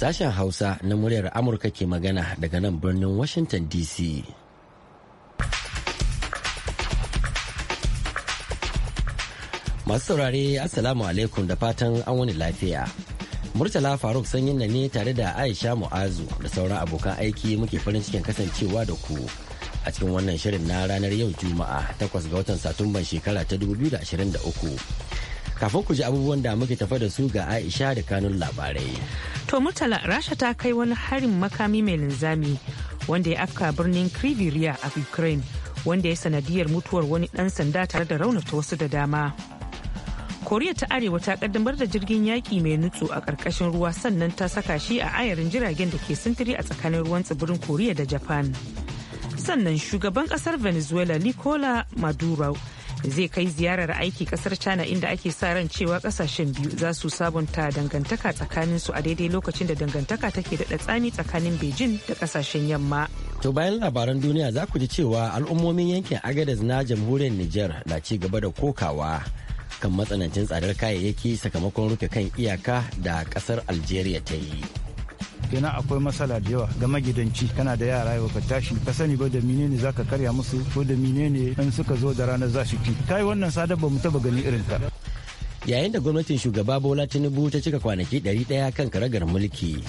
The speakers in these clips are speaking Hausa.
Sashen Hausa na muryar Amurka ke magana daga nan birnin Washington DC. Masu saurare Assalamu alaikum da fatan an wani lafiya. Murtala Faruk sanyin na ne tare da Aisha Mu'azu da sauran abokan aiki muke farin cikin kasancewa da ku. A cikin wannan shirin na ranar yau Juma'a 8 ga watan Satumban shekara ta 2023. Kafin ku ji abubuwan da muke tafa da su ga Aisha da kanun labarai. To Murtala Rasha ta kai wani harin makami mai linzami wanda ya afka birnin kriviriya a Ukraine wanda ya sanadiyar mutuwar wani ɗan sanda tare da raunata wasu da dama. koriya ta arewa ta kaddamar da jirgin yaƙi mai nutsu a ƙarƙashin ruwa sannan ta saka shi a ayarin jiragen da ke sintiri a tsakanin ruwan tsibirin koriya da japan sannan shugaban ƙasar venezuela nicola maduro zai kai ziyarar aiki kasar china inda ake sa ran cewa kasashen biyu za su sabunta dangantaka tsakanin su a daidai lokacin da dangantaka take da tsani tsakanin beijing da kasashen yamma to bayan labaran duniya za ku ji cewa al'ummomin yankin agadez na jamhuriyar niger na ci gaba da kokawa kan matsanancin tsadar kayayyaki sakamakon rufe kan iyaka da kasar algeria ta yi kenan akwai matsala da yawa ga magidanci kana da yara yau ka tashi ka sani ba da menene zaka karya musu ko da menene in suka zo da ranar za su ci kai wannan sadar ba mu taba gani irin ta yayin da gwamnatin shugaba bola tinubu ta cika kwanaki ɗari ɗaya kan karagar mulki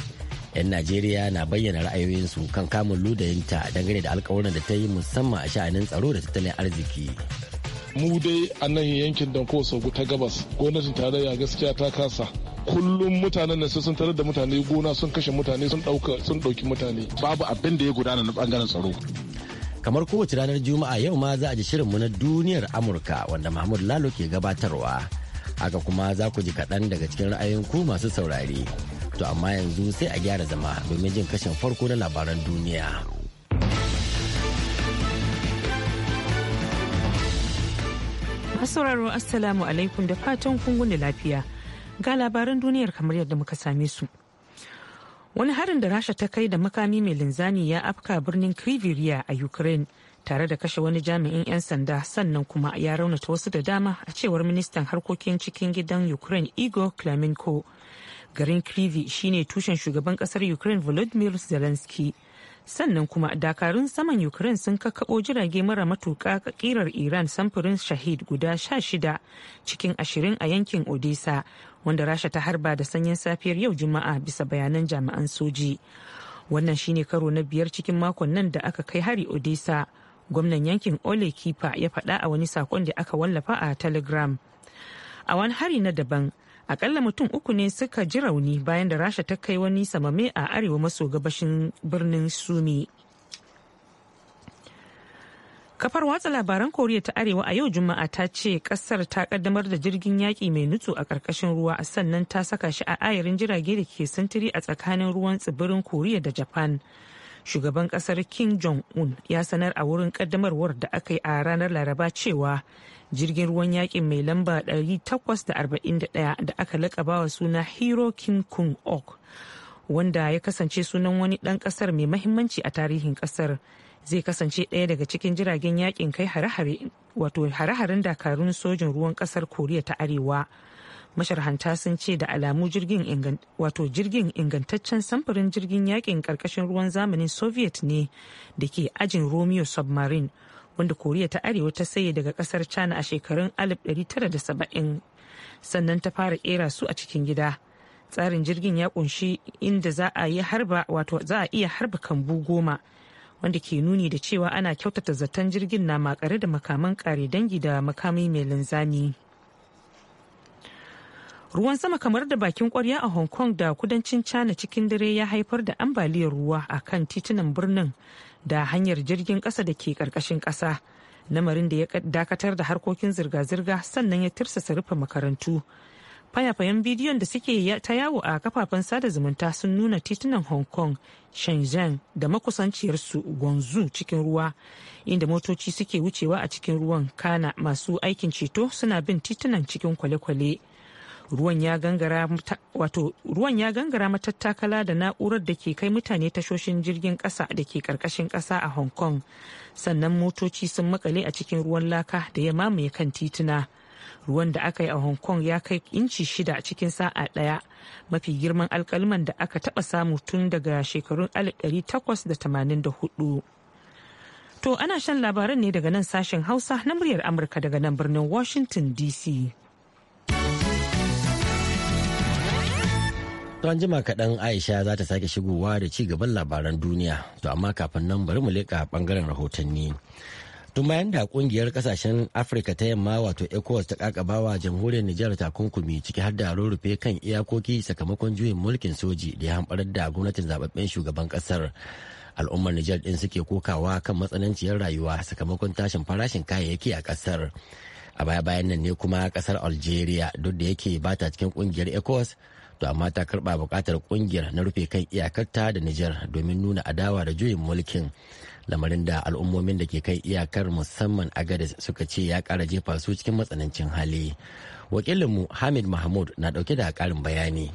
'yan najeriya na bayyana ra'ayoyinsu kan kamun ludayinta dangane da alkawarin da ta yi musamman a sha'anin tsaro da tattalin arziki mu dai a nan yankin danko sogu ta gabas gwamnatin tarayya gaskiya ta kasa kullum mutanen nan sun tarar da mutane gona sun kashe mutane sun dauka sun dauki mutane babu abin da ya gudana na bangaren tsaro kamar kowace ranar juma'a yau ma za a ji shirin mu na duniyar amurka wanda mahmud lalo ke gabatarwa haka kuma za ku ji kaɗan daga cikin ra'ayin ku masu saurari to amma yanzu sai a gyara zama domin jin kashin farko na labaran duniya. masauraro assalamu alaikum da fatan kun lafiya ga labaran duniyar kamar yadda muka same su wani harin da rasha ta kai da makami mai linzani ya afka birnin kriviriya a ukraine tare da kashe wani jami'in 'yan sanda sannan kuma ya raunata wasu da dama a cewar ministan harkokin cikin gidan ukraine igor klamenko garin krivi shine tushen shugaban kasar ukraine volodymyr zelensky sannan kuma dakarun saman ukraine sun kakkaɓo jirage mara matuka ƙirar iran samfurin shahid guda sha shida cikin ashirin a yankin odisa wanda rasha ta harba da sanyin safiyar yau juma'a bisa bayanan jami'an soji wannan shine karo na biyar cikin makon nan da aka kai hari odisa gwamnan yankin ole kipa ya faɗa a wani sakon da aka wallafa a telegram a wani hari na daban akalla mutum uku ne suka ji rauni bayan da rasha ta kai wani samame a arewa maso gabashin birnin sumi kafar watsa labaran koriya ta arewa a yau juma'a ta ce kasar ta kaddamar da jirgin yaƙi mai nutsu a ƙarƙashin ruwa sannan ta saka shi a ayarin jirage da ke sintiri a tsakanin ruwan tsibirin koriya da japan shugaban kasar kim jong-un ya sanar a wurin kaddamarwar da aka yi a ranar laraba cewa jirgin ruwan yakin mai lamba 841 da aka laƙabawa suna hero king kung ok wanda ya kasance sunan wani dan kasar mai mahimmanci a tarihin kasar zai kasance ɗaya daga cikin jiragen yakin kai hare-hare haren dakarun sojin ruwan kasar koriya ta arewa masharhanta sun ce da alamu jirgin wato jirgin ingantaccen samfurin jirgin yakin ƙarƙashin ruwan zamanin soviet ne da ke ajin romeo submarine wanda koriya ta arewa ta saye daga kasar china a shekarun 1970 sannan ta fara kera su a cikin gida tsarin jirgin ya kunshi inda za a yi harba wato za a iya harba kambu goma wanda ke nuni da cewa ana kyautata zaton jirgin na makare da makaman kare dangi da makami mai linzami ruwan sama kamar da bakin kwarya a hong kong da kudancin china cikin dare ya haifar da ambaliyar ruwa a kan titunan birnin da hanyar jirgin ƙasa da ke ƙarƙashin ƙasa lamarin da ya dakatar da harkokin zirga-zirga sannan ya tirsasa rufe makarantu fayafayen bidiyon da suke ta yawo a kafafen sada zumunta sun nuna titunan hong kong shenzhen da makusanciyarsu guangzhou cikin ruwa inda motoci suke wucewa a cikin ruwan kana masu aikin ceto suna bin titunan cikin kwale-kwale ruwan ya gangara matattakala da na'urar da ke kai mutane tashoshin jirgin kasa da ke karkashin kasa a hong kong sannan motoci sun makale a cikin ruwan laka da ya mamaye kan tituna ruwan da aka yi a hong kong ya kai inci shida a cikin sa'a daya mafi girman alkalman da aka taba samu tun daga shekarun 1884 To ana shan labaran ne daga nan sashen Hausa na muryar Amurka daga nan birnin Washington DC. an jima kaɗan Aisha za ta sake shigowa da ci gaban labaran duniya, to amma kafin nan bari mu leƙa ɓangaren rahotanni. tun bayan da ƙungiyar ƙasashen afirka ta yamma wato ecowas ta kakabawa jamhuriyar nijar takunkumi ciki har da rurrufe kan iyakoki sakamakon juyin mulkin soji da ya hamɓarar da gwamnatin zababben shugaban ƙasar al'ummar nijar ɗin suke kokawa kan matsananciyar rayuwa sakamakon tashin farashin kayayyaki a ƙasar a baya bayan nan ne kuma ƙasar algeria duk da yake bata cikin ƙungiyar ecowas to amma ta karba bukatar kungiyar na rufe kan iyakarta da Nijar domin nuna adawa da juyin mulkin lamarin da al'ummomin da ke kai iyakar musamman a agadez suka ce ya kara jefa su cikin matsanancin hali wakilinmu hamid mahmud na dauke da karin bayani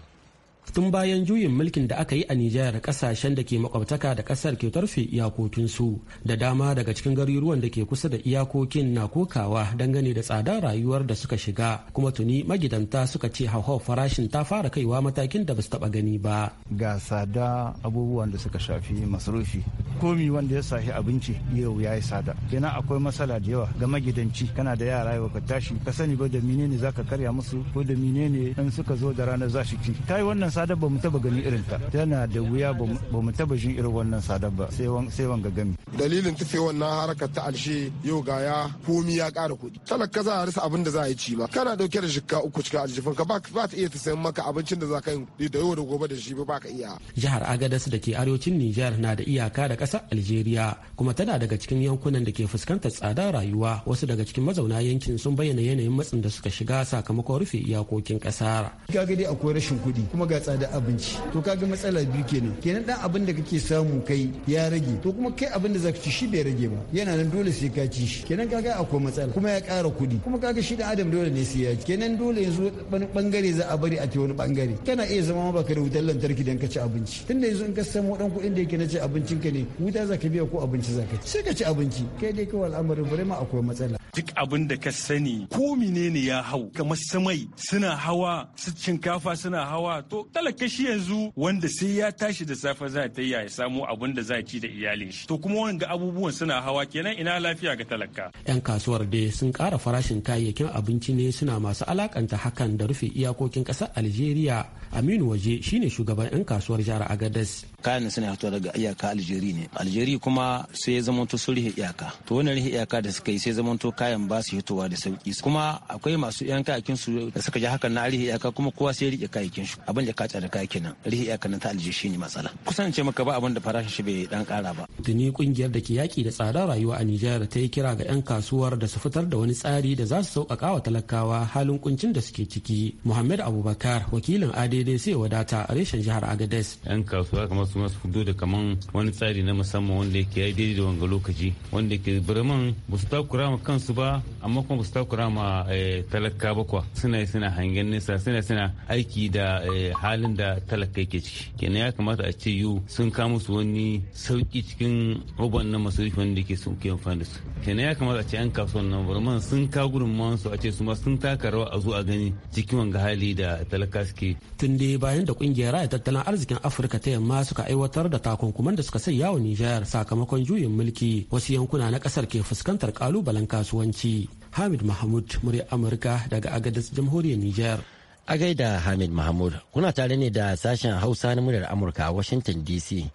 tun bayan juyin mulkin da aka yi a Nijar da kasashen da ke makwabtaka da kasar ke tarfe iyakokinsu da dama daga cikin garuruwan da ke kusa da iyakokin na kokawa dangane da tsada rayuwar da suka shiga kuma tuni magidanta suka ce hauhau farashin ta fara kaiwa matakin da basu taba gani ba ga sada abubuwan da suka shafi masarufi komi wanda ya sahi abinci yau ya yi sada kenan akwai matsala da yawa ga magidanci kana da yara yau ka tashi ka sani ba da menene zaka karya musu ko da menene in suka zo da ranar za shi ci ta yi wannan sadar ba mu taba gani irin ta tana da wuya ba mu taba jin irin wannan sadar ba sai wanga gami dalilin tufe wannan harkar ta alshe yau ga ya komi ya ƙara kuɗi talaka za a rasa abin da za a yi ci ba kana dauke da shikka uku cikin aljifin ka ba ta iya ta sayan maka abincin da za ka yi da yau da gobe da shi ba ka iya jihar agadas da ke arewacin nijar na da iyaka da kasa algeria kuma tana daga cikin yankunan da ke fuskantar tsada rayuwa wasu daga cikin mazauna yankin sun bayyana yanayin matsin da suka shiga sakamakon rufe iyakokin ƙasar Ga dai akwai rashin kuɗi kuma ga tsada abinci to kaga matsala biyu kenan kenan dan abin da kake samu kai ya rage to kuma kai abin da zaka ci shi bai rage ba yana nan dole sai ka ci shi kenan kaga akwai matsala kuma ya kara kuɗi kuma kaga shi da adam dole ne sai ya ci kenan dole yanzu wani bangare za a bari a ta wani bangare kana iya zama ma baka da wutar lantarki dan ka ci abinci tunda yanzu in ka samu dan kuɗin da yake na ci abincin ka ne wuta za ka biya ko abinci za ka ci sai ka ci abinci kai dai kawai al'amarin bare ma akwai matsala duk abin da ka sani ko menene ya hau kamar samai suna hawa su shinkafa suna hawa to talaka shi yanzu wanda sai ya tashi da safe za ta ya samu abin da za ci da iyalin shi to kuma wanga abubuwan suna hawa kenan ina lafiya ga talaka yan kasuwar dai sun ƙara farashin kayayyakin abinci ne suna masu alakanta hakan da rufe iyakokin ƙasar algeria aminu waje shine shugaban yan kasuwar jihar agadez kayan suna fito daga iyaka aljeri ne aljeri kuma sai ya zama to rihe iyaka to wannan rihe iyaka da suka yi sai to kayan ba su hitowa da sauki kuma akwai masu yan kayakin su da suka ji hakan na rihe iyaka kuma kowa sai ya rike kayakin shi abin da ka da kayakin nan rihe iyaka na ta aljeri shine matsala kusan ce maka ba abin da farashin shi bai dan kara ba dani kungiyar da ke yaki da tsadar rayuwa a Nijar ta yi kira ga yan kasuwar da su fitar da wani tsari da za su sauƙaƙa wa talakawa halin kuncin da suke ciki Muhammad Abubakar wakilin ADD sai wadata a reshen jihar Agadez yan kasuwa kamar su masu fito da kaman wani tsari na musamman wanda yake ya daidai da wanga lokaci wanda ke birman ba su takura ma kansu ba amma kuma ba su takura ma eh, talaka ba kuwa suna suna hangen nesa suna suna aiki da eh, halin da talaka yake ciki kenan ya kamata a ce yiwu sun kama su wani sauki cikin ruban na masarufi wanda ke sun ke amfani da su kenan ya kamata a ce an kasuwa nan birman sun ka gudunmawan su a ce su ma sun taka rawa a zo a gani cikin wanga hali da talaka suke. tun dai bayan da kungiyar raya tattalin arzikin afirka ta yamma su suka aiwatar da takunkuman da suka sanya wa Nijar sakamakon juyin mulki wasu yankuna na kasar ke fuskantar kalubalen kasuwanci. Hamid Mahmud murya Amurka daga Agadez Jamhuriyar Nijar. A gaida Hamid Mahmud kuna tare ne da sashen Hausa na muryar Amurka a Washington DC.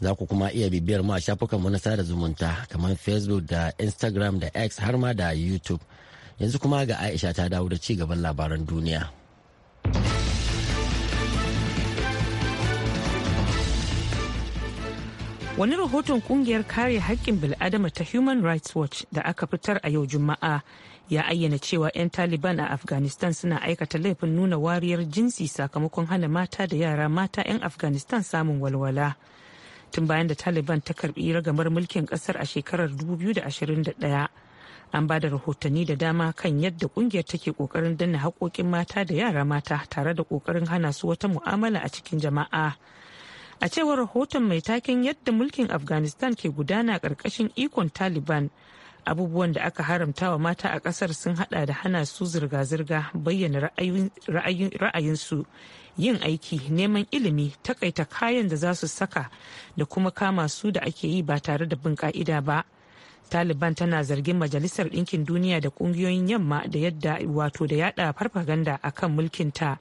Za ku kuma iya bibiyar mu a shafukanmu na sada zumunta kamar Facebook da Instagram da X har ma da YouTube. Yanzu kuma ga Aisha ta dawo da ci gaban labaran duniya. wani rahoton kungiyar kare hakkin bil'adama ta human rights watch da aka fitar a yau juma'a ya ayyana cewa 'yan taliban a afghanistan suna aikata laifin nuna wariyar jinsi sakamakon hana mata da yara mata 'yan afghanistan samun walwala tun bayan da taliban ta karbi ragamar mulkin kasar a shekarar 2021 an ba da rahotanni da dama kan yadda kungiyar take kokarin danna haƙoƙin mata da yara mata tare da kokarin hana su wata mu'amala a cikin jama'a. a cewar rahoton mai taken yadda mulkin afghanistan ke gudana ƙarƙashin ikon taliban abubuwan da aka haramta wa mata a ƙasar sun hada da hana su zirga-zirga bayyana ra'ayin su yin aiki neman ilimi takaita kayan da za su saka da kuma kama su da ake yi ba tare da bin ka'ida ba taliban tana zargin majalisar ɗinkin duniya da ƙungiyoyin yamma da yadda wato da yada farfaganda akan mulkinta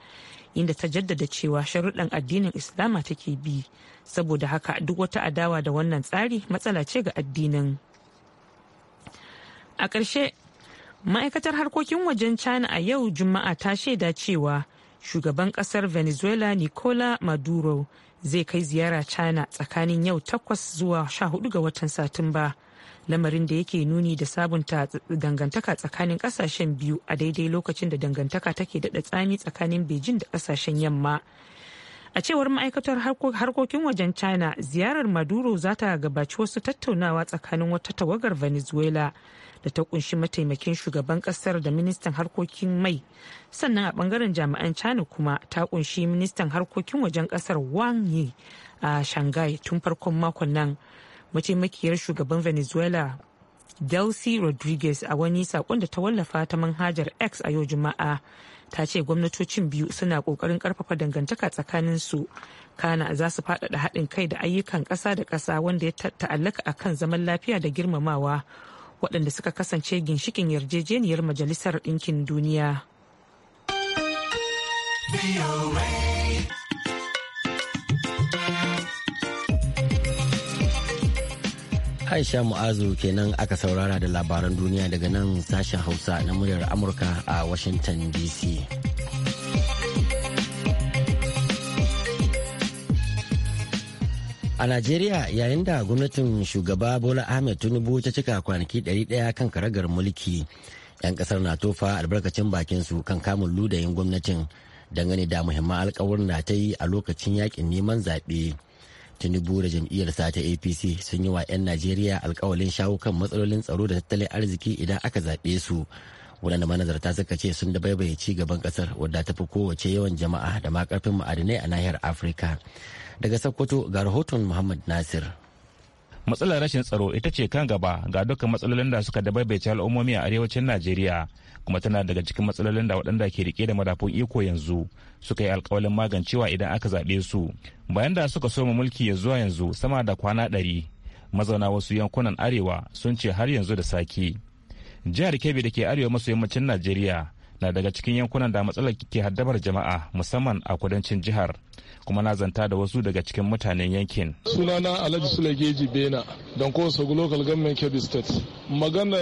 inda ta jaddada cewa sharuɗan addinin islama take bi saboda haka duk wata adawa da wannan tsari matsala ce ga addinin a ƙarshe ma'aikatar harkokin wajen china a yau juma'a ta shaida cewa shugaban ƙasar venezuela nicola maduro zai kai ziyara china tsakanin yau takwas zuwa sha 14 ga watan satumba. lamarin da yake nuni da sabunta dangantaka tsakanin kasashen biyu a daidai lokacin da dangantaka take daɗa tsami tsakanin beijing da kasashen yamma a cewar ma'aikatar harkokin wajen china ziyarar maduro za ta gabaci wasu tattaunawa tsakanin wata tawagar venezuela da ta kunshi mataimakin shugaban kasar da ministan harkokin mai sannan a bangaren jami'an china kuma ta kunshi ministan harkokin wajen kasar wang yi a shanghai tun farkon makon nan mataimakiyar shugaban venezuela delcy rodriguez a wani sakon da ta wallafa ta manhajar x a yau juma'a ta ce gwamnatocin biyu suna kokarin karfafa dangantaka tsakanin su kana za su faɗaɗa haɗin kai da ayyukan ƙasa da ƙasa wanda ya ta'allaka a kan zaman lafiya da girmamawa waɗanda suka kasance ginshikin yarjejeniyar majalisar ɗinkin duniya. Aisha Mu'azu kenan aka saurara da labaran duniya daga nan sashen Hausa na muryar Amurka a Washington DC. A Najeriya yayin da gwamnatin shugaba Bola Ahmed Tinubu ta cika kwanaki 100 kan karagar mulki, 'yan kasar na tofa albarkacin bakinsu kan kamun ludayin gwamnatin dangane da muhimman alkawarin da ta yi a lokacin yakin neman zaɓe. tinubu da jam'iyyarsa ta apc sun yi wa 'yan najeriya alkawalin shawo kan matsalolin tsaro da tattalin arziki idan aka zaɓe su Wadanda manazarta suka ce sun da baibaye ci gaban ƙasar wadda ta fi kowace yawan jama'a da ma ƙarfin ma'adinai a nahiyar afirka daga sokoto ga rahoton muhammad nasir matsalar rashin tsaro ita ce kan gaba ga dukkan matsalolin da suka dabaibace al'ummomi a arewacin najeriya kuma tana daga cikin matsalolin da waɗanda ke rike da madafun iko yanzu suka yi alkawalin magancewa idan aka zaɓe su bayan da suka soma mulki ya zuwa yanzu sama da kwana ɗari mazauna wasu yankunan arewa sun ce har yanzu da sake jihar kebbi da ke arewa maso yammacin najeriya na daga cikin yankunan da matsalar ke haddabar jama'a musamman a kudancin jihar kuma na zanta da wasu daga cikin mutanen yankin. Sunana Alhaji Sulageji Bena, don Sogu Local Government Kebbi State. Magana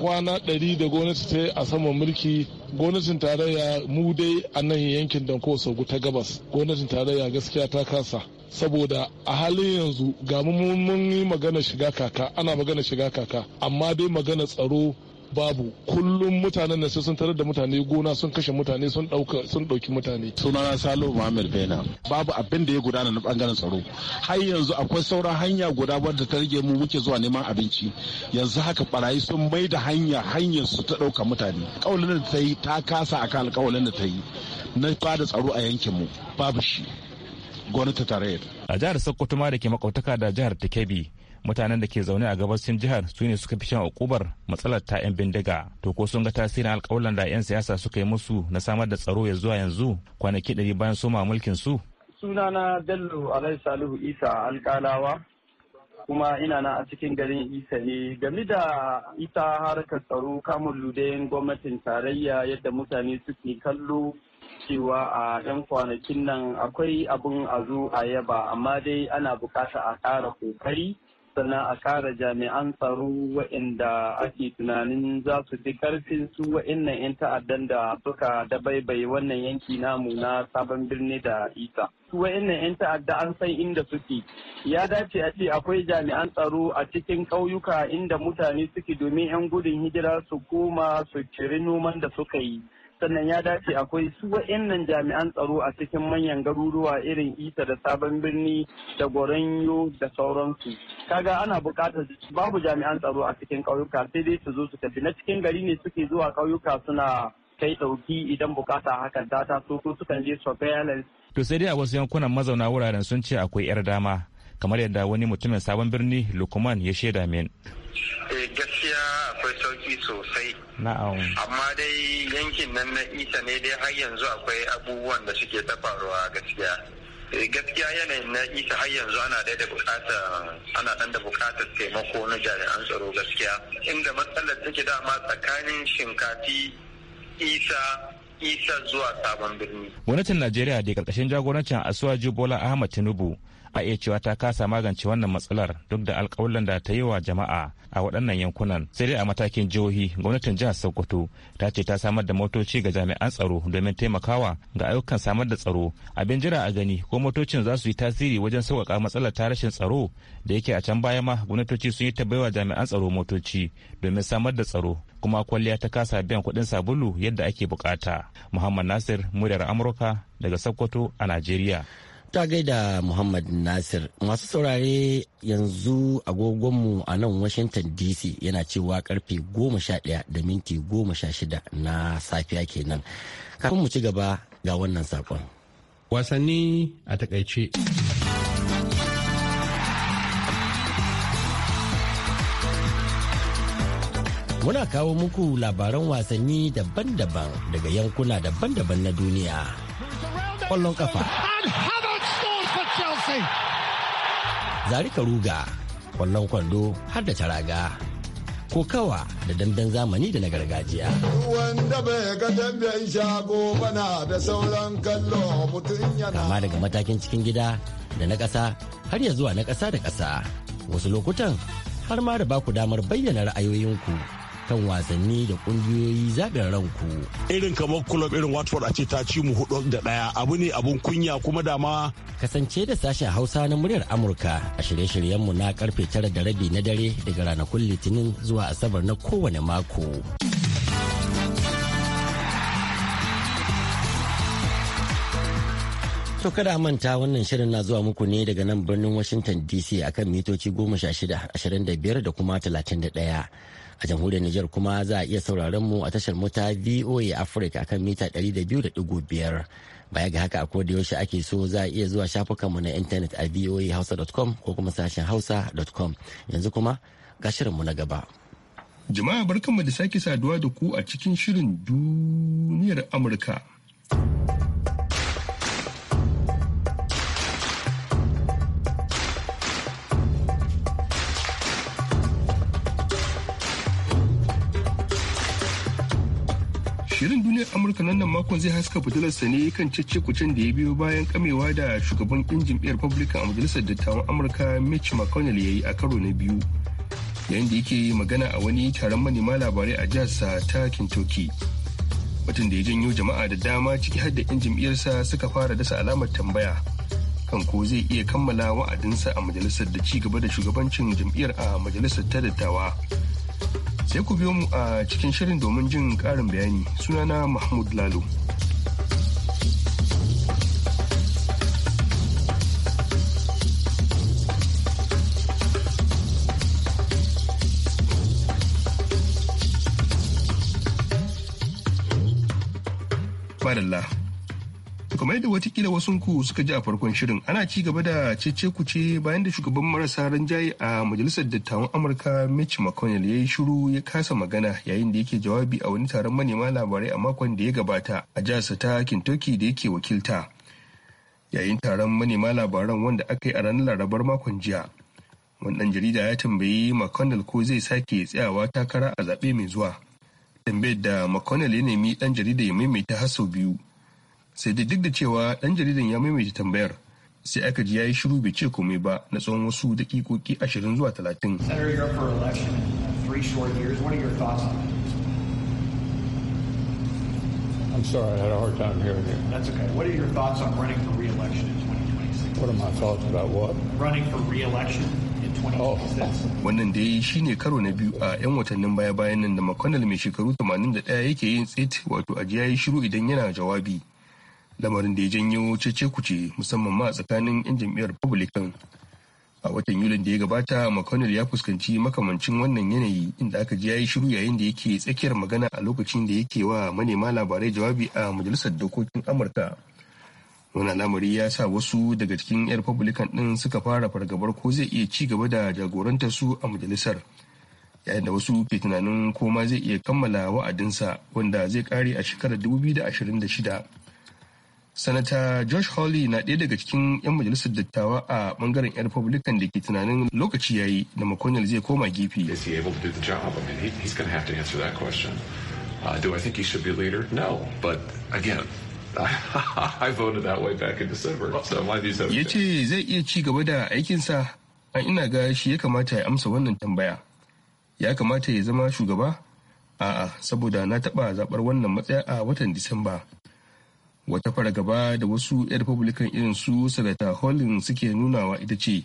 kwana ɗari da gwamnati ta a saman mulki gwamnatin tarayya mu dai a nan yankin Danko Sogu ta gabas. Gwamnatin tarayya gaskiya ta kasa. saboda a halin yanzu ga mun yi magana shiga kaka ana magana shiga kaka amma dai magana tsaro babu kullum mutanen nan sun tarar da mutane gona sun kashe mutane sun dauka sun dauki mutane sunana Salo Muhammad Bena babu abin da ya gudana na bangaren tsaro har yanzu akwai sauran hanya guda wadda ta rage mu muke zuwa neman abinci yanzu haka barayi sun mai da hanya hanyar su ta dauka mutane kaulin da ta yi ta kasa akan alkawalin da ta yi na bada tsaro a yankin mu babu shi gwamnati tarayyar a jihar Sokoto ma da ke makautaka da jihar Takebi mutanen da ke zaune a gabashin jihar su ne suka fi shan ukubar matsalar ta 'yan bindiga to ko sun ga tasirin alkawalan da 'yan siyasa suka yi musu na samar da tsaro ya zuwa yanzu kwanaki ɗari bayan soma mulkin su sunana bello alai salihu isa alkalawa kuma ina na a cikin garin isa ne game da ita harkar tsaro kamun ludayen gwamnatin tarayya yadda mutane suke kallo cewa a 'yan kwanakin nan akwai abin a zo a yaba amma dai ana bukata a kara kokari sannan a kara jami'an tsaro waɗanda ake tunanin za su fi karfin su waɗannan 'yan ta'addan da suka dabaibaye wannan yanki namu na sabon birni da isa su 'yan ta'adda an san inda suke ya dace a ce akwai jami'an tsaro a cikin ƙauyuka inda mutane suke domin 'yan gudun hijira su koma su ciri noman da suka yi sannan ya dace akwai su wa'annan jami'an tsaro a cikin manyan garuruwa irin isa da sabon birni da goranyo da sauransu kaga ana buƙatar babu jami'an tsaro a cikin ƙauyuka sai dai su zo su tafi na cikin gari ne suke zuwa ƙauyuka suna kai ɗauki idan bukata hakan ta taso ko sukan je surveillance. to sai dai a wasu yankunan mazauna wuraren sun ce akwai 'yar dama kamar yadda wani mutumin sabon birni lukman ya shaida min. gaskiya akwai sauki sosai amma dai yankin nan na isa ne dai har yanzu akwai abubuwan da suke ta faruwa gaskiya eh, gaskiya yanayin na isa har yanzu ana ɗaya da bukatar ana ɗan da bukatar taimako na jami'an tsaro gaskiya inda matsalar take dama tsakanin shinkafi isa isa zuwa sabon birni gwamnatin najeriya da karkashin jagorancin asuwaji bola ahmad tinubu a iya cewa ta kasa magance wannan matsalar duk da alkawalin da ta yi wa jama'a a waɗannan yankunan sai dai a matakin jihohi gwamnatin jihar sokoto ta ce ta samar da motoci ga jami'an tsaro domin taimakawa ga ayyukan samar da tsaro abin jira a gani ko motocin za su yi tasiri wajen sauƙaƙa matsalar ta rashin tsaro da yake a can baya ma gwamnatoci sun yi ta baiwa jami'an tsaro motoci domin samar da tsaro kuma kwalliya ta kasa biyan kuɗin sabulu yadda ake bukata muhammad nasir muryar amurka daga sokoto a najeriya ta gaida Muhammad Nasir. Masu saurare yanzu agogonmu a nan Washington DC yana cewa karfe 11 da minti 16 na safiya kenan. Kafin mu ci gaba ga wannan sakon. Wasanni a takaice. Muna kawo muku labaran wasanni daban-daban daga yankuna daban-daban na duniya. Ƙwallon ƙafa. sosai. Zarika ruga, kwallon kwando har da taraga. Ko kawa da dandan zamani da na gargajiya. Wanda bai ga damben shago bana da sauran kallo mutum yana. Kama daga matakin cikin gida da na ƙasa har ya zuwa na ƙasa da ƙasa. Wasu lokutan har ma da ba ku damar bayyana ra'ayoyinku. kan wasanni da kungiyoyi zaɓin ranku. Irin kamar kulob irin Watford a ce ta ci mu hudu da ɗaya abu ne abun kunya kuma dama. Kasance da sashen Hausa na muryar Amurka a shirye-shiryenmu na karfe tara da rabi na dare daga ranakun Litinin zuwa Asabar na kowane mako. To kada manta wannan shirin na zuwa muku ne daga nan birnin Washington DC akan mitoci 16, 25 da kuma 31. a jamhuriyar Nijar kuma za a iya sauraron mu a tashar mu ta VOA Africa akan mita 200.5 baya ga haka a da yaushe ake so za a iya zuwa shafukan mu na intanet a voahausa.com ko kuma sashen hausa.com yanzu kuma ga mu na gaba jama'a barkanmu da sake saduwa da ku a cikin shirin duniyar Amurka Shirin duniyar Amurka nan nan makon zai haska fitilarsa ne kan cece-kucen da ya biyo bayan kamewa da shugaban ɗin jam'iyyar Republican a Majalisar Dattawan Amurka Mitch McConnell ya yi a karo na biyu. Yayin da yake magana a wani taron manema labarai a jihar ta Kentucky. Batun da ya janyo jama'a da dama ciki har da 'yan jam'iyyarsa suka fara dasa alamar tambaya kan ko zai iya kammala wa'adinsa a majalisar da ci gaba da shugabancin jam'iyyar a majalisar ta dattawa. sai ku biyo mu a cikin shirin domin jin ƙarin bayani sunana mahmud lalo Madalla kamar yadda watakila ku suka ji a farkon shirin ana ci gaba da cece ku ce bayan da shugaban marasa jayi a majalisar dattawan amurka mitch mcconnell ya yi shiru ya kasa magana yayin da yake jawabi a wani taron manema labarai a makon da ya gabata a jihar ta kentucky da yake wakilta yayin taron manema labaran wanda aka yi a ranar larabar makon jiya wani dan jarida ya tambayi mcconnell ko zai sake tsayawa takara a zaɓe mai zuwa tambayar da mcconnell ya nemi dan jarida ya maimaita har biyu sai dai duk da cewa ɗan jaridan ya maimaita tambayar sai aka ji ya yi shiru bai ce komai ba na tsawon wasu daƙiƙoƙi ashirin zuwa talatin. Oh. wannan da ya yi shi ne karo na biyu a 'yan watannin baya-bayan nan da McConnell mai shekaru 81 yake yin tsit wato ajiya ya yi shiru idan yana jawabi. lamarin da ya janyo cece kuce musamman ma tsakanin 'yan jam'iyyar republican a watan yulin da ya gabata mcconnell ya fuskanci makamancin wannan yanayi inda aka ji ya yi shiru yayin da yake tsakiyar magana a lokacin da yake wa manema labarai jawabi a majalisar dokokin amurka wani lamari ya sa wasu daga cikin 'yan republican din suka fara fargabar ko zai iya ci gaba da jagorantar su a majalisar yayin da wasu ke tunanin ko ma zai iya kammala wa'adinsa wanda zai kare a shekarar 2026 sanata josh hawley na ɗaya daga cikin 'yan majalisar dattawa a bangaren 'yan republican da ke tunanin lokaci ya yi da mcconnell zai koma gefe uh, Ya ce zai iya ci gaba da aikinsa, an ina ga shi ya kamata ya amsa wannan tambaya. Ya kamata ya zama shugaba? A'a, saboda na taɓa zaɓar wannan matsaya a watan Disamba. wata fargaba da wasu 'yan republican irin su sanata hollin suke nunawa ita ce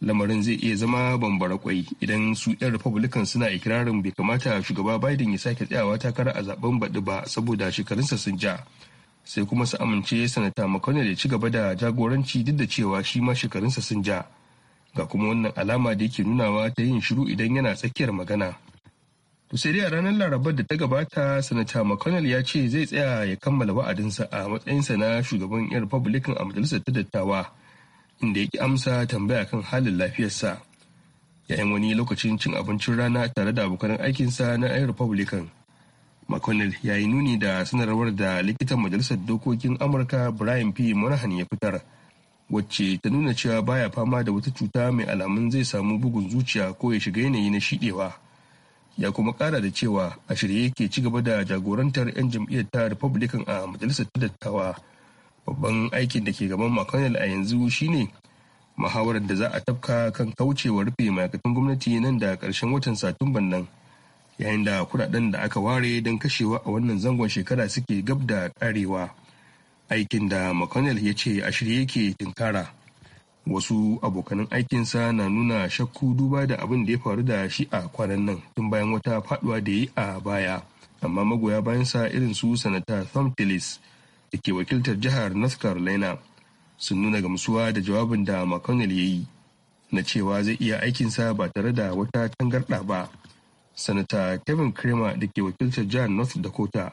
lamarin zai iya zama bambara kwai idan su 'yan republican suna ikirarin bai kamata shugaba biden ya sake tsayawa takara a zaben baɗi ba saboda shekarunsa sun ja sai kuma su amince sanata mcconnell ya ci gaba da jagoranci duk da cewa shi ma shekarunsa sun ja ga kuma wannan alama da yake nunawa ta yin shiru idan yana tsakiyar magana To sai dai a ranar Larabar da ta gabata, Sanata McConnell ya ce zai tsaya ya kammala wa'adinsa a matsayinsa na shugaban 'yan Republican a majalisar ta dattawa, inda ya ki amsa tambaya kan halin lafiyarsa. Yayin wani lokacin cin abincin rana tare da abokan aikinsa na 'yan Republican. McConnell ya yi nuni da sanarwar da likitan majalisar dokokin Amurka Brian P. Monahan ya fitar, wacce ta nuna cewa baya fama da wata cuta mai alamun zai samu bugun zuciya ko ya shiga yanayi na shiɗewa. ya kuma kara da cewa a shirye yake ci gaba da jagorantar 'yan jam'iyyar ta republican a majalisar dattawa babban aikin da ke gaban mcconnell a yanzu shine muhawarar da za a tafka kan kaucewa rufe ma'aikatan gwamnati nan da karshen watan satumban nan yayin da kudaden da aka ware don kashewa a wannan zangon shekara suke gab da karewa aikin da mcconnell ya ce a shirye yake tinkara wasu abokanan aikinsa na nuna shakku duba da abin da ya faru da shi a kwanan nan tun bayan wata faduwa da yi a baya amma magoya bayansa irin su sanata tom tillis da ke wakiltar jihar north carolina sun nuna gamsuwa da jawabin da mcconnell ya yi na cewa zai iya aikinsa ba tare da wata tangarɗa ba sanata kevin kramer da ke wakiltar jihar north dakota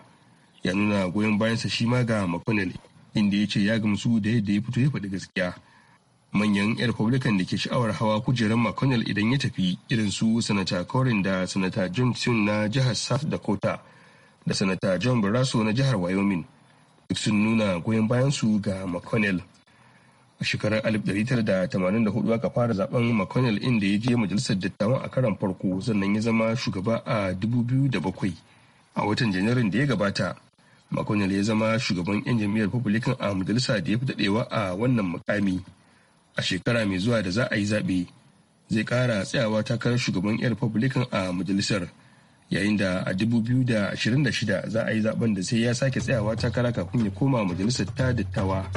ya nuna goyon bayansa shi ma ga mcconnell inda ya ce ya gamsu da yadda ya fito ya faɗi gaskiya manyan 'yan republican da ke sha'awar hawa kujerar mcconnell idan ya tafi irin su sanata corin da sanata johnson na jihar south dakota da sanata john barrasso na jihar wyoming duk sun nuna goyon bayan su ga mcconnell a shekarar 1984 aka fara zaben mcconnell inda ya je majalisar dattawan a karan farko sannan ya zama shugaba a 2007 a watan janairun da ya gabata mcconnell ya zama shugaban 'yan jam'iyyar republican a majalisa da ya fi dadewa a wannan mukami a shekara mai zuwa da za a yi zaɓe zai ƙara tsayawa takarar shugaban 'yan republican a majalisar yayin da a 2026 za a yi zaben da sai ya sake tsayawa takara kafin ya koma majalisar ta dattawa.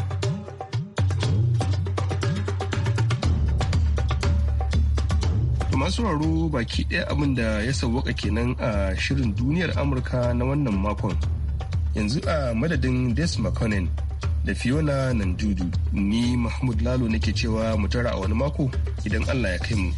masu sauraro baki ɗaya abin da ya sauwaka kenan a shirin duniyar amurka na wannan makon yanzu a madadin des mcconnell da Fiona Nandudu. Ni Mahmud Lalo nake cewa mu tara a wani mako idan Allah ya kai mu.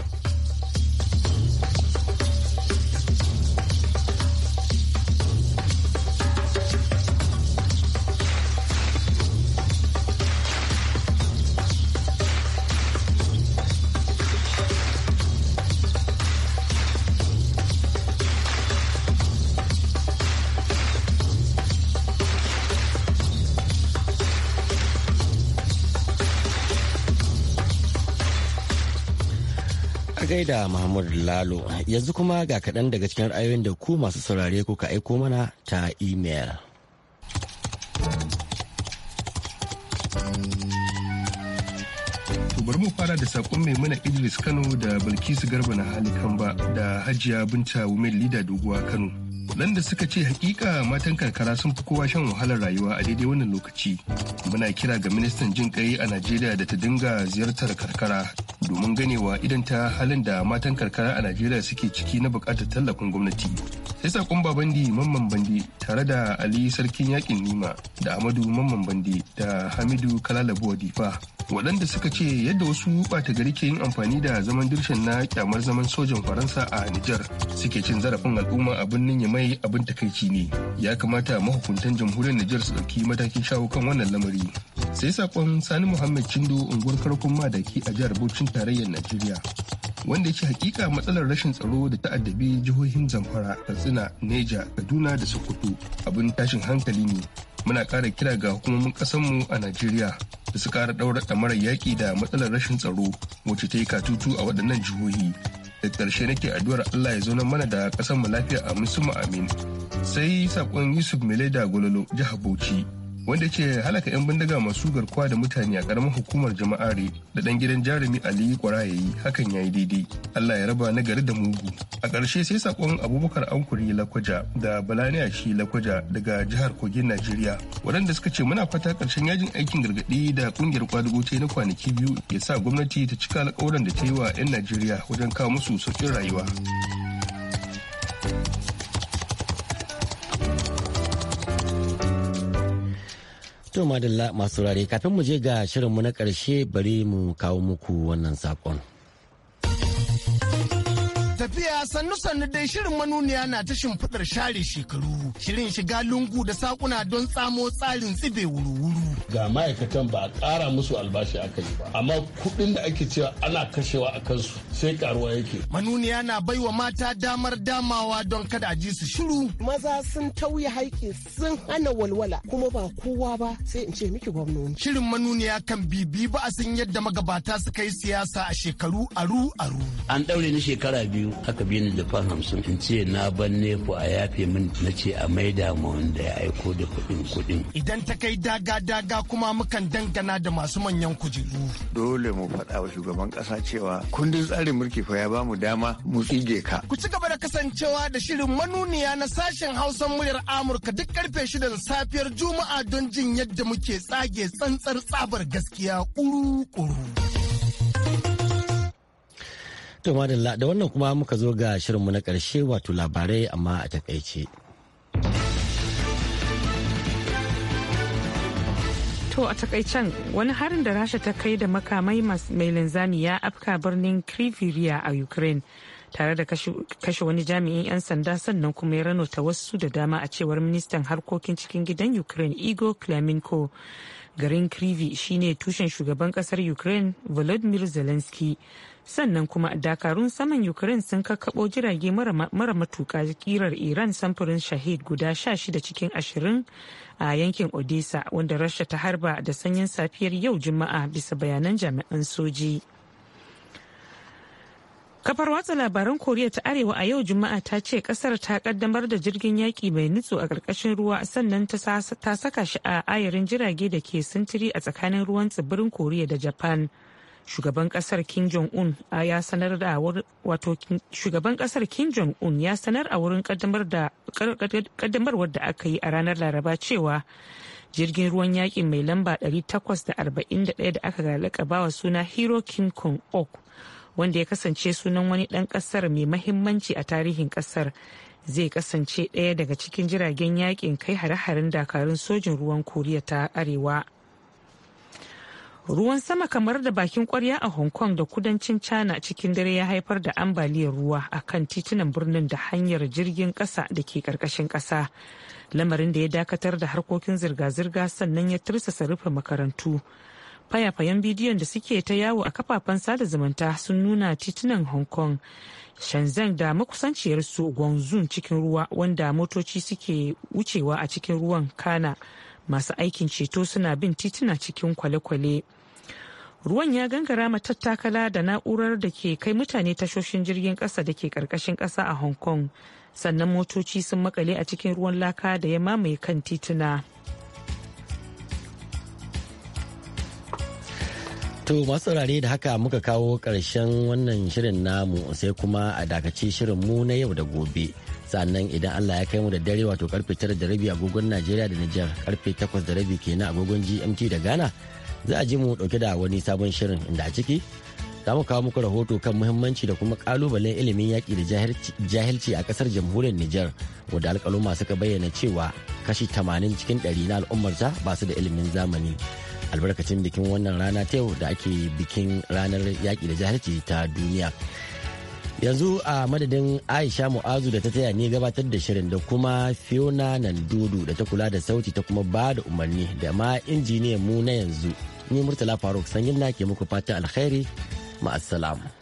da Mahmud Lalo yanzu kuma ga kaɗan daga cikin ra'ayoyin da ku masu saurare kuka aiko mana ta imel. bari mu fara da sakon mai mana Idris Kano da Bilkisu Garba na hali Kamba da Hajiya Binta Women Leader Doguwa Kano. waɗanda suka ce hakika matan karkara sun fi kowa shan wahalar rayuwa a daidai wannan lokaci muna kira ga ministan jin kai a najeriya da ta dinga ziyartar karkara domin ganewa idan ta halin da matan karkara a najeriya suke ciki na bukatar tallafin gwamnati sai sakon babandi mamman bandi tare da ali sarkin yakin nima da amadu mamman bandi da hamidu kalalabuwa difa waɗanda suka ce yadda wasu ɓata gari ke yin amfani da zaman dirshan na kyamar zaman sojan faransa a nijar suke cin zarafin al'umma a birnin mai abin takaici ne ya kamata mahukuntan jamhuriyar nijar su ɗauki matakin shawo kan wannan lamari sai sakon sani muhammad cindo unguwar karkon madaki a jihar bauchin tarayyar najeriya wanda yake hakika matsalar rashin tsaro da ta'addabi jihohin zamfara katsina neja kaduna da sokoto abin tashin hankali ne muna ƙara kira ga hukumomin ƙasarmu a najeriya da su ƙara ɗaura mara yaƙi da matsalar rashin tsaro wacce ta yi katutu a waɗannan jihohi da ƙarshe nake addu'ar Allah ya zauna mana da ƙasar mu lafiya a suma amin sai saƙon Yusuf da Gololo jihar Bauchi wanda ke halaka 'yan bindiga masu garkuwa da mutane a karamar hukumar jama'are da dan gidan jarumi ali kwara ya yi hakan ya yi daidai allah ya raba na gari da mugu a ƙarshe sai sakon abubakar ankuri lakwaja da balaniya shi lakwaja daga jihar kogin najeriya waɗanda suka ce muna fata ƙarshen yajin aikin gargaɗi da ƙungiyar kwadugoce na kwanaki biyu ya sa gwamnati ta cika alƙawuran da ta yi wa 'yan najeriya wajen kawo musu sauƙin rayuwa. To madalla masu rare kafin mu je ga shirinmu na karshe bari mu kawo muku wannan saƙon. a sannu-sannu dai shirin manuniya na ta shimfiɗar share shekaru. Shirin shiga lungu da sakuna don tsamo tsarin tsibe wuru-wuru. Ga ma'aikatan ba a ƙara musu albashi aka yi ba. Amma kuɗin da ake cewa ana kashewa a kansu sai karuwa yake. Manuniya na baiwa mata damar damawa don kada a ji su shiru. Maza sun tauye haƙƙi sun hana walwala kuma ba kowa ba sai in ce miki gwamnoni. Shirin manuniya kan bibi ba a san yadda magabata suka yi siyasa a shekaru aru-aru. An ɗaure ni shekara biyu haka Bin da fan hamsin in ce na ban ku a yafe min na ce a maida mu wanda ya aiko da kuɗin kuɗin. Idan ta kai daga daga kuma mukan dangana da masu manyan kujeru. Dole mu faɗa wa shugaban ƙasa cewa kundin tsarin mulki fa ya ba mu dama mu tsige ka. Ku ci gaba da kasancewa da shirin manuniya na sashen Hausa muryar Amurka duk karfe shidan safiyar Juma'a don jin yadda muke tsage tsantsar tsabar gaskiya kuru-kuru. To madalla da wannan kuma muka zo ga shirinmu na ƙarshe wato labarai amma a takaice. To a takaicen wani harin da rasha ta kai da makamai mai linzami ya afka birnin Kriviriya a Ukraine tare da kashe wani jami'in 'yan sanda sannan kuma ya ranota wasu da dama a cewar ministan harkokin cikin gidan Ukraine Igor Klaminko. Garin Krivi shine tushen shugaban kasar Ukraine Volodymyr Zelensky sannan kuma dakarun saman ukraine sun kakkaɓo jirage mara matuka kirar iran samfurin shahid guda sha shida cikin ashirin a yankin odessa wanda rasha ta harba da sanyin safiyar yau juma'a bisa bayanan jami'an soji kafar watsa labaran koriya ta arewa a yau juma'a ta ce kasar ta kaddamar da jirgin yaki mai nutso a karkashin ruwa sannan ta saka shi a ayarin jirage da ke sintiri a tsakanin ruwan tsibirin koriya da japan shugaban kasar kim jong-un ya sanar da wato shugaban kasar kim jong-un ya sanar a wurin kaddamarwar da aka yi a ranar laraba cewa jirgin ruwan yaƙi mai lamba 841 da aka galakaba wa suna hero kim kong ok wanda ya kasance sunan wani dan kasar mai mahimmanci a tarihin kasar zai kasance ɗaya daga cikin jiragen yakin kai hare-haren dakarun sojin ruwan koriya ta arewa ruwan sama kamar da bakin kwarya a hong kong da kudancin china cikin dare ya haifar da ambaliyar ruwa a kan titunan birnin da hanyar jirgin kasa da ke karkashin kasa lamarin da ya dakatar da harkokin zirga-zirga sannan ya tursasa rufe makarantu fayafayen bidiyon da suke ta yawo a kafafen sada zumunta sun nuna titunan hong kong shenzhen da makusanciyarsu guangzhou cikin ruwa wanda motoci suke wucewa a cikin ruwan kana masu aikin ceto suna bin tituna cikin kwale-kwale. ruwan ya gangara matattakala da na'urar da ke kai mutane tashoshin jirgin kasa da ke karkashin kasa a hong kong sannan motoci sun makale a cikin ruwan laka da ya mamaye kan tituna. To masu saurare da haka muka kawo karshen wannan shirin namu sai kuma a dakaci shirin mu na yau da gobe. Sannan idan Allah ya kai mu da dare wato karfe tara da rabi agogon Najeriya da Nijar karfe 8 da rabi kenan agogon GMT da Ghana za a ji mu dauke da wani sabon shirin inda a ciki za mu kawo muku rahoto kan muhimmanci da kuma kalubalen ilimin yaƙi da jahilci a ƙasar jamhuriyar Nijar wadda alƙaluma suka bayyana cewa kashi 80 cikin 100 na al'ummarta ba su da ilimin zamani albarkacin bikin wannan rana ta yau da ake bikin ranar yaƙi da jahilci ta duniya yanzu a madadin aisha mu'azu da ta taya ne gabatar da shirin da kuma fiona nan dudu da ta kula da sauti ta kuma ba da umarni da ma injiniyan mu na yanzu ni murtala faruk sanyin na ke muku fata alkhairi ma'assalam.